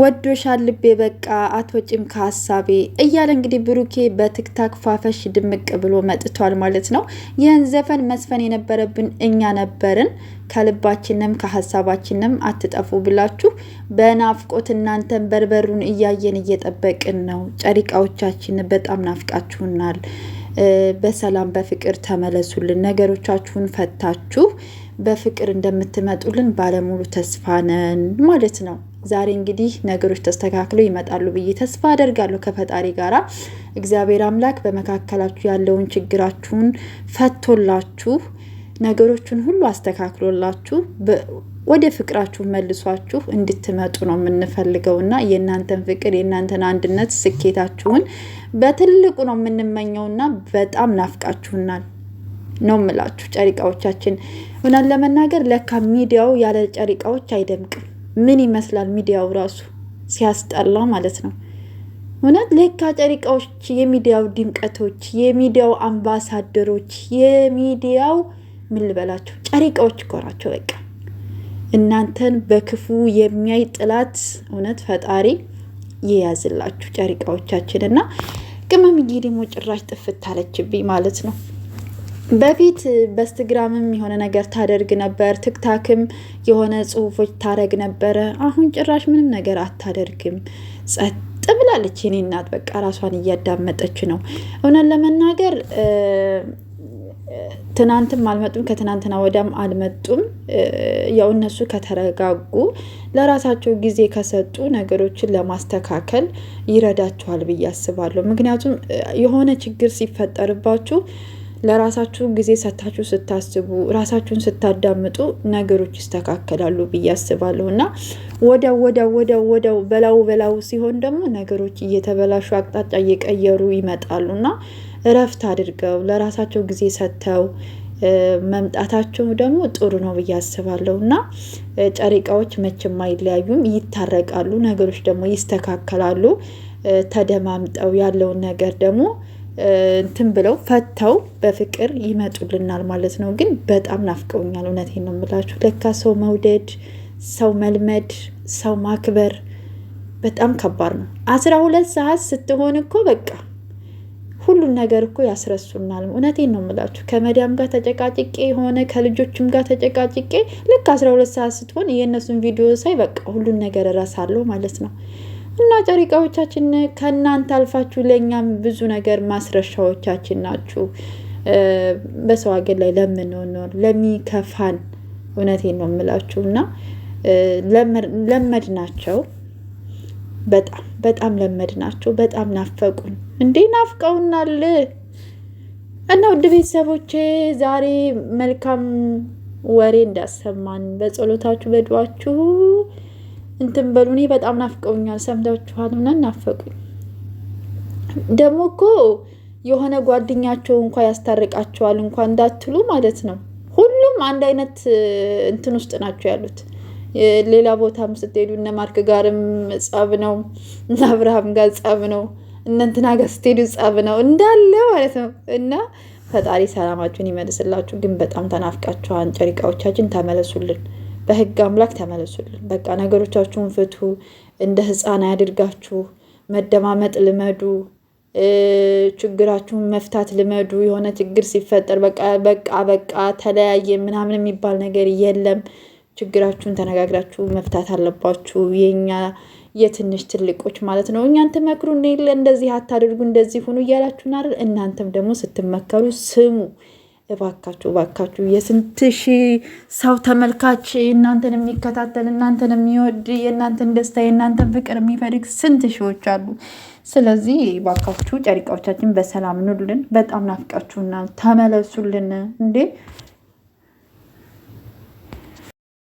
ወዶሻል ልቤ በቃ አትወጪም ከሀሳቤ እያለ እንግዲህ ብሩኬ በትክታክ ፋፈሽ ድምቅ ብሎ መጥቷል ማለት ነው። ይህን ዘፈን መስፈን የነበረብን እኛ ነበርን። ከልባችንም ከሀሳባችንም አትጠፉ ብላችሁ በናፍቆት እናንተን በርበሩን እያየን እየጠበቅን ነው። ጨሪቃዎቻችን በጣም ናፍቃችሁናል። በሰላም በፍቅር ተመለሱልን። ነገሮቻችሁን ፈታችሁ በፍቅር እንደምትመጡልን ባለሙሉ ተስፋ ነን ማለት ነው። ዛሬ እንግዲህ ነገሮች ተስተካክለው ይመጣሉ ብዬ ተስፋ አደርጋለሁ ከፈጣሪ ጋራ። እግዚአብሔር አምላክ በመካከላችሁ ያለውን ችግራችሁን ፈቶላችሁ ነገሮችን ሁሉ አስተካክሎላችሁ ወደ ፍቅራችሁ መልሷችሁ እንድትመጡ ነው የምንፈልገው እና የእናንተን ፍቅር የእናንተን አንድነት ስኬታችሁን በትልቁ ነው የምንመኘውና በጣም ናፍቃችሁናል ነው ምላችሁ ጨሪቃዎቻችን። ሆናን ለመናገር ለካ ሚዲያው ያለ ጨሪቃዎች አይደምቅም። ምን ይመስላል ሚዲያው ራሱ ሲያስጠላ ማለት ነው። እውነት ለካ ጨሪቃዎች፣ የሚዲያው ድምቀቶች፣ የሚዲያው አምባሳደሮች፣ የሚዲያው ምን ልበላቸው ጨሪቃዎች እኮ ናቸው። በቃ እናንተን በክፉ የሚያይ ጥላት እውነት ፈጣሪ ይያዝላችሁ ጨሪቃዎቻችን እና ቅመምዬ ደግሞ ጭራሽ ጥፍት አለችብኝ ማለት ነው። በፊት በኢንስታግራምም የሆነ ነገር ታደርግ ነበር፣ ትክታክም የሆነ ጽሁፎች ታረግ ነበረ። አሁን ጭራሽ ምንም ነገር አታደርግም፣ ጸጥ ብላለች። የኔ እናት በቃ ራሷን እያዳመጠች ነው። እውነት ለመናገር ትናንትም አልመጡም፣ ከትናንትና ወዲያም አልመጡም። ያው እነሱ ከተረጋጉ ለራሳቸው ጊዜ ከሰጡ ነገሮችን ለማስተካከል ይረዳቸዋል ብዬ አስባለሁ። ምክንያቱም የሆነ ችግር ሲፈጠርባችሁ ለራሳችሁ ጊዜ ሰታችሁ ስታስቡ ራሳችሁን ስታዳምጡ ነገሮች ይስተካከላሉ ብዬ አስባለሁ እና ወዳው ወዳው ወዳው ወዳው በላው በላው ሲሆን ደግሞ ነገሮች እየተበላሹ አቅጣጫ እየቀየሩ ይመጣሉ እና እረፍት አድርገው ለራሳቸው ጊዜ ሰጥተው መምጣታቸው ደግሞ ጥሩ ነው ብዬ አስባለሁ እና ጨሪቃዎች መቼም አይለያዩም፣ ይታረቃሉ፣ ነገሮች ደግሞ ይስተካከላሉ። ተደማምጠው ያለውን ነገር ደግሞ እንትን ብለው ፈተው በፍቅር ይመጡልናል ማለት ነው። ግን በጣም ናፍቀውኛል። እውነቴን ነው የምላችሁ። ለካ ሰው መውደድ፣ ሰው መልመድ፣ ሰው ማክበር በጣም ከባድ ነው። አስራ ሁለት ሰዓት ስትሆን እኮ በቃ ሁሉን ነገር እኮ ያስረሱናል። እውነቴን ነው የምላችሁ። ከመዳም ጋር ተጨቃጭቄ የሆነ ከልጆችም ጋር ተጨቃጭቄ ልክ አስራ ሁለት ሰዓት ስትሆን የእነሱን ቪዲዮ ሳይ በቃ ሁሉን ነገር እረሳለሁ ማለት ነው። እና ጨሪቃዎቻችን ከእናንተ አልፋችሁ ለእኛም ብዙ ነገር ማስረሻዎቻችን ናችሁ። በሰው ሀገር ላይ ለምንኖር ለሚከፋን፣ እውነቴን ነው የምላችሁ እና ለመድ ናቸው በጣም በጣም ለመድ ናቸው። በጣም ናፈቁን፣ እንዴ ናፍቀውናል። እና ውድ ቤተሰቦቼ ዛሬ መልካም ወሬ እንዳሰማን በጸሎታችሁ በድዋችሁ እንትን በሉ እኔ በጣም ናፍቀውኛል። ሰምታችኋል ምናምን ናፈቁኝ። ደግሞ እኮ የሆነ ጓደኛቸው እንኳ ያስታርቃቸዋል እንኳ እንዳትሉ ማለት ነው። ሁሉም አንድ አይነት እንትን ውስጥ ናቸው ያሉት። ሌላ ቦታም ስትሄዱ እነ ማርክ ጋርም ጸብ ነው፣ እነ አብርሃም ጋር ጸብ ነው፣ እነ እንትና ጋር ስትሄዱ ጸብ ነው እንዳለ ማለት ነው። እና ፈጣሪ ሰላማችሁን ይመልስላችሁ። ግን በጣም ተናፍቃችኋን ጨሪቃዎቻችን ተመለሱልን። በህግ አምላክ ተመለሱልን። በቃ ነገሮቻችሁን ፍቱ። እንደ ህፃን ያድርጋችሁ። መደማመጥ ልመዱ። ችግራችሁን መፍታት ልመዱ። የሆነ ችግር ሲፈጠር በቃ በቃ በቃ ተለያየ ምናምን የሚባል ነገር የለም። ችግራችሁን ተነጋግራችሁ መፍታት አለባችሁ። የኛ የትንሽ ትልቆች ማለት ነው። እኛን ትመክሩ እንደዚህ አታደርጉ እንደዚህ ሁኑ እያላችሁናል። እናንተም ደግሞ ስትመከሩ ስሙ። እባካችሁ እባካችሁ የስንት ሺህ ሰው ተመልካች እናንተን የሚከታተል እናንተን የሚወድ የእናንተን ደስታ የእናንተን ፍቅር የሚፈልግ ስንት ሺዎች አሉ። ስለዚህ እባካችሁ ጨሪቃዎቻችን በሰላም ኑልን። በጣም ናፍቃችሁና ተመለሱልን እንዴ